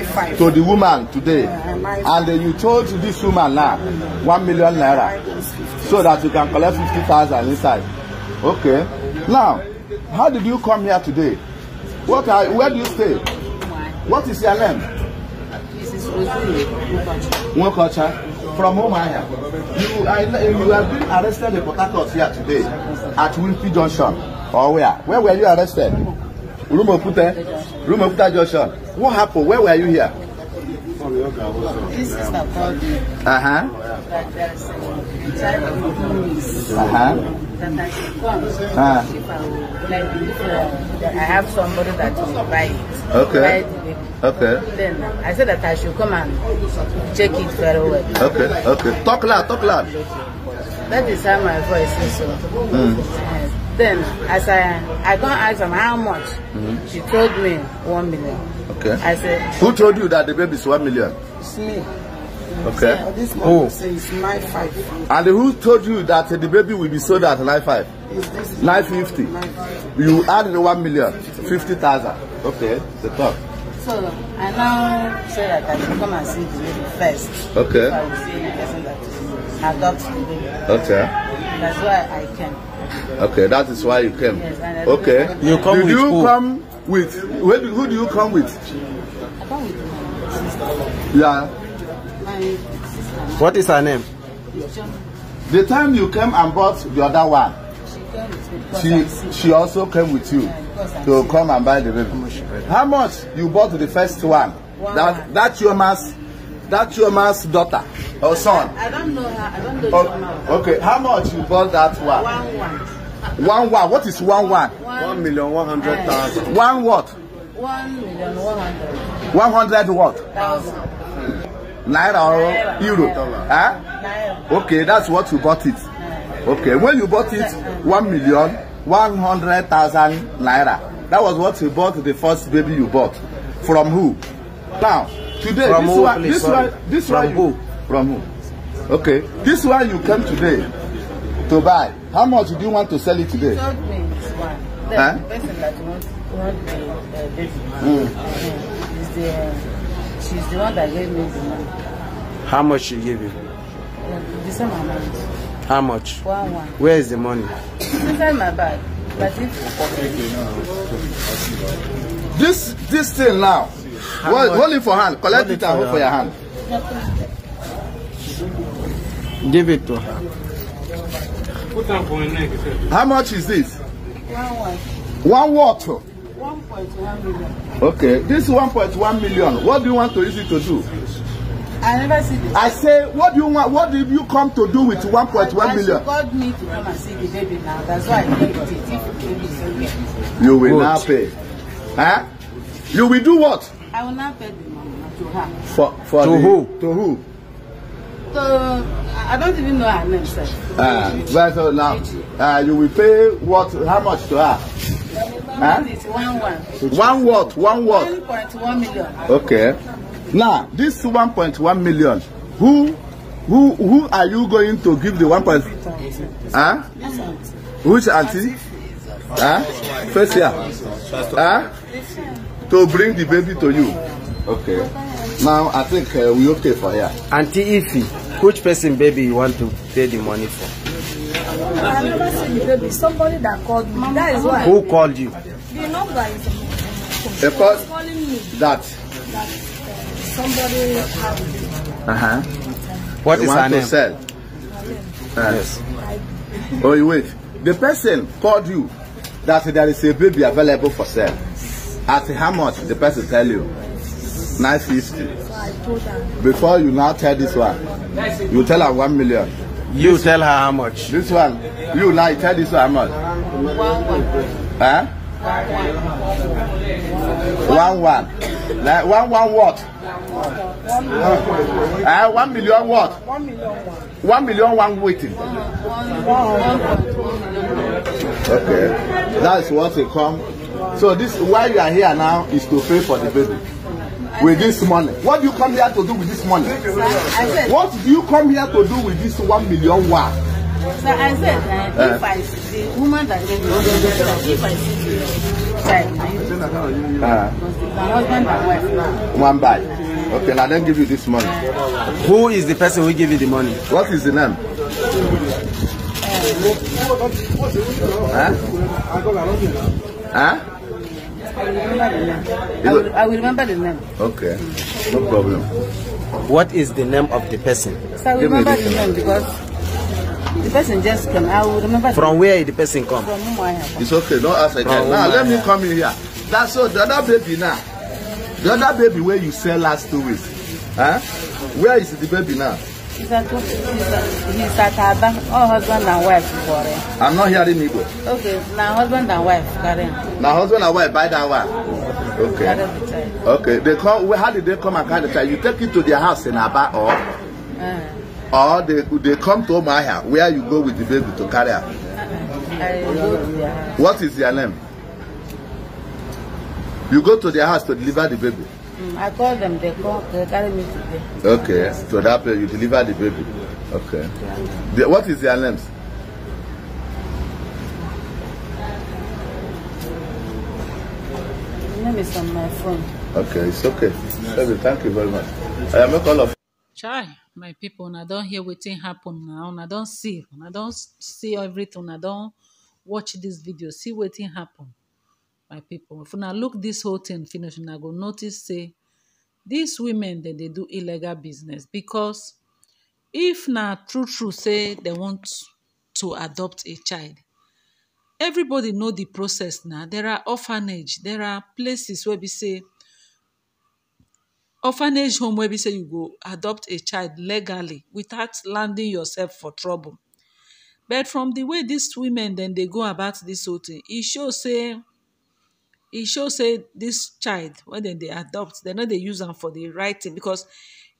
five five to the woman today uh, and uh, you told this woman now mm. one million naira so that you can collect fifty thousand inside okay now how did you come here today what are where do you stay what is your name nwokocha from home ahia you i you have been arrested in port harcourt here today at wilkie junction or where where were you arrested. Rumopute, Rumopute Joshua. What happened? Where were you here? This is about the uh-huh. Uh-huh. Ah. Like I have somebody that will buy it. Okay. Buy it okay. Then I said that I should come and check it very well. Okay. Okay. Talk loud. Talk loud. That is how my voice is. So. Mm. Yes. Then, as I I don't ask them how much, mm-hmm. she told me one million. Okay. I said. Who told you that the baby is one million? It's me. Okay. So this one oh. says nine five. And who told you that the baby will be sold at nine five? Nine fifty. You add the one million, fifty thousand. Okay, the top. So I now say that I should come and see the baby first. Okay. I will see the person that adopts the baby. Okay. That's why I came. Okay, that is why you came. Yes, okay. You come Did with you who? come with where do, who do you come with? I come with my sister. Yeah. My sister. What is her name? The time you came and bought the other one. She she also came with you yeah, to come and buy the baby. How much you bought the first one? one. That that's your mass That's your man's daughter or son. I, I don't know her. I don't know okay. Oh, your Okay, how much you bought that one? One one. One one. What is one one? One, million one hundred eh. thousand. One what? One million one hundred. One hundred what? Thousand. Naira or Naira. euro? Dollar. Huh? Naira. Okay, that's what you bought it. Eh. Okay, when you bought it, one million one hundred thousand naira. That was what you bought the first baby you bought. From who? Now, Today, from this who, one, please, this one, this from one, you, who? from who? Okay, this one you came today to buy. How much do you want to sell it today? The huh? person that wants, want the uh, baby mm. uh, is the, uh, she's the one that gave me the money. How much she gave you? Uh, the same amount. How much? One one. Where is the money? It's inside my bag. But if... This, this thing now, hand. Hold, it for hand. Collect it and hold for your hand. Give it to her. Put on for your neck. How much is this? One what? One what? 1.1 million. Okay, this 1.1 million. What do you want to use it to do? I never see this. I say, what do you want? What did you come to do with 1.1 million? God me to come and see the baby now. That's why I paid it. you will not pay. Huh? You will do what? I will not pay the money to her. For, for to the, who? To who? To, I don't even know her name, sir. Ah, uh, right, so now, uh, you will pay what, how much to her? Huh? One one. One what? One what? 1.1 million. Okay. Now, this 1.1 million, who who who are you going to give the one point? Huh? Which auntie? Huh? First year? Huh? to bring the baby to you. Okay. Now I think uh, we okay for here. Auntie Ifi, which person baby you want to pay the money for? I never seen the baby. Somebody that called me. that is why. Who called you? The number is. They call, calling me. That. That uh, somebody had. Uh huh. What they is her name? To sell. Uh, yes. Oh, wait. The person called you that there is a baby available for sale. As how much the person tell you? 950. So I told her. Before you now tell this one, you tell her one million. You this, tell her how much? This one. You now tell this one how much? One one. Huh? One one. One one. like one one what? One one. Uh, eh, one million what? One million one. One million one waiting. One, one, one, one. Okay. That's what they come. So this why you are here now is to pay for the baby. With this money. What do you come here to do with this money? What do you come here to do with this one million worth? So I said, that uh, if I see the woman that gave me the if I see the uh, husband and wife now. One by. Okay, now then give you this money. Who is the person who gave you the money? What is the name? Huh? Eh. Huh? Eh? I will remember the name. I will, remember the name. Okay, no problem. What is the name of the person? So I will remember the name because the person just came. I will remember. From where the person come? From Umuahia. It's okay. Don't ask again. From now let me come in here. That's so the other baby now. The other baby where you sell last two weeks. Huh? Where is the baby now? He's at, he's at Aba. Oh, husband and wife. Karen. I'm not hearing Igbo. Okay, now husband and wife, him. Now husband and wife, by that one. Okay. Okay. They come. how did they come and carry the child? You take it to their house in Aba, or uh. or they they come to Omahia, where you go with the baby to carry her. I go to their house. What is their name? You go to their house to deliver the baby. Mm, I call them, they call. they carry me today. Okay, so that you deliver the baby. Okay. Yeah. The, what is their names? name is on my phone. Okay, it's okay. Baby, thank you very much. I am a call of Chai, my people, and I don't hear waiting happen now, and I don't see, and I don't see everything, I don't watch this video, see waiting happened my people if una look this whole thing finish una go notice say these women that they do illegal business because if now true true say they want to adopt a child everybody know the process now. there are orphanage there are places where we say orphanage home where we say you go adopt a child legally without landing yourself for trouble but from the way these women then they go about this whole thing it shows say e show say this child When dem dey adopt dem no dey use am for the right thing because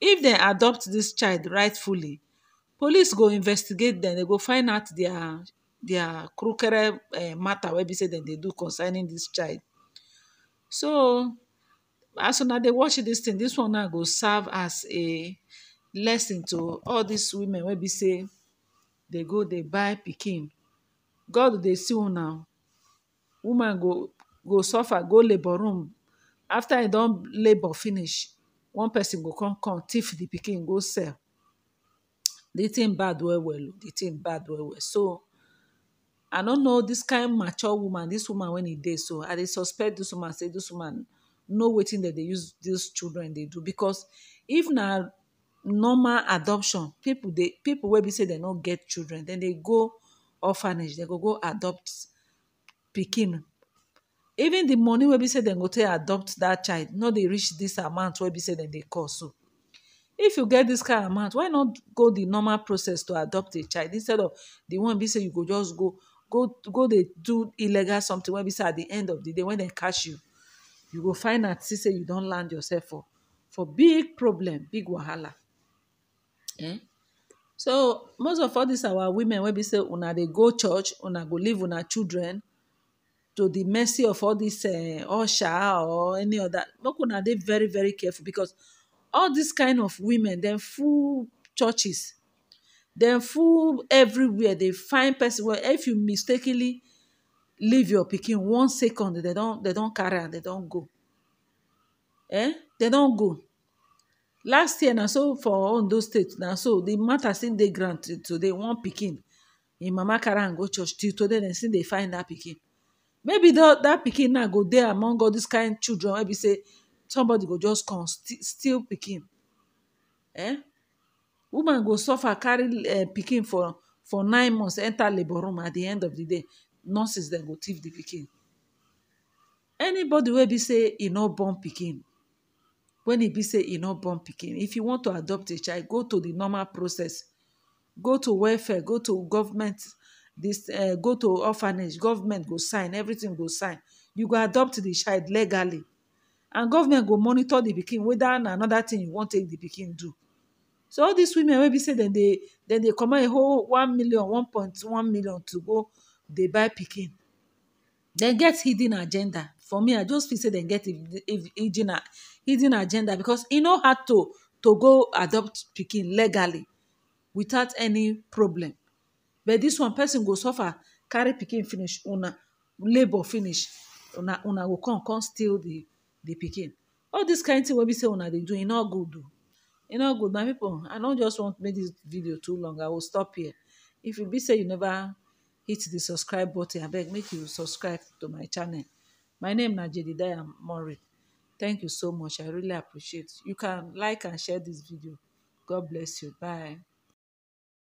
if dem adopt this child rightfully police go investigate dem They go find out their dia krokere eh, matter wey be say dem dey do concerning this child so as una dey watch this thing this one now go serve as a lesson to all these women wey be say dey go dey buy pikin god dey see una woman go go suffer go labour room after e don labour finish one person go come come thief the pikin go sell the thing bad well well the thing bad well well so i no know this kind mature woman this woman when e dey so i dey suspect this woman say this woman know wetin dem dey use these children dey do because if na normal adoption people dey people wey be say dem no get children dem dey go orphanage dem go go adopt pikin even the money wey be say dem go take adopt that child no dey reach this amount wey be say dem dey cost so if you get this kind amount why not go the normal process to adopt a child instead of the one be say you go just go go go dey do illegal something wey be say at the end of the day when dem catch you you go find out see say you don land yourself for for big problem big wahala eh so most of all this our women wey be say una dey go church una go leave una children to the mercy of all this uh, usher or any other look, una they very very careful because all these kind of women they full churches they full everywhere They find person well if you mistakenly leave your picking one second they don't they don't carry am dem don go eh they don't go last year na so for those states, na so the matter still dey ground till today one pikin im mama carry am go church till today dem still they find that picking maybe that that pikin now go dey among all these kind children wey be say somebody go just come steal pikin eh woman go suffer carry eh, pikin for for nine months enter labour room at the end of the day nurses dem go thief the pikin anybody wey be say e no born pikin when e be say e no born pikin if you want to adopt a child go to the normal process go to welfare go to government this uh, go to orphanage government go sign everything go sign you go adopt the child legally and government go monitor the pikin whether another thing you wan take the pikin do so all these women will be say then they then they command a whole one million one point one million to go They buy picking. They get hidden agenda for me i just feel say dem get hidden hidden agenda because you know how to to go adopt picking legally without any problem but this one person go suffer carry pikin finish una labour finish una una go come come steal the the pikin all dis kain thing wey be say una dey do e no good o e no good my people i no just want make this video too long i will stop here if you be say you never hit the subscribe button abeg make you subscribe to my channel my name na jedidiah murray thank you so much i really appreciate you can like and share this video god bless you bye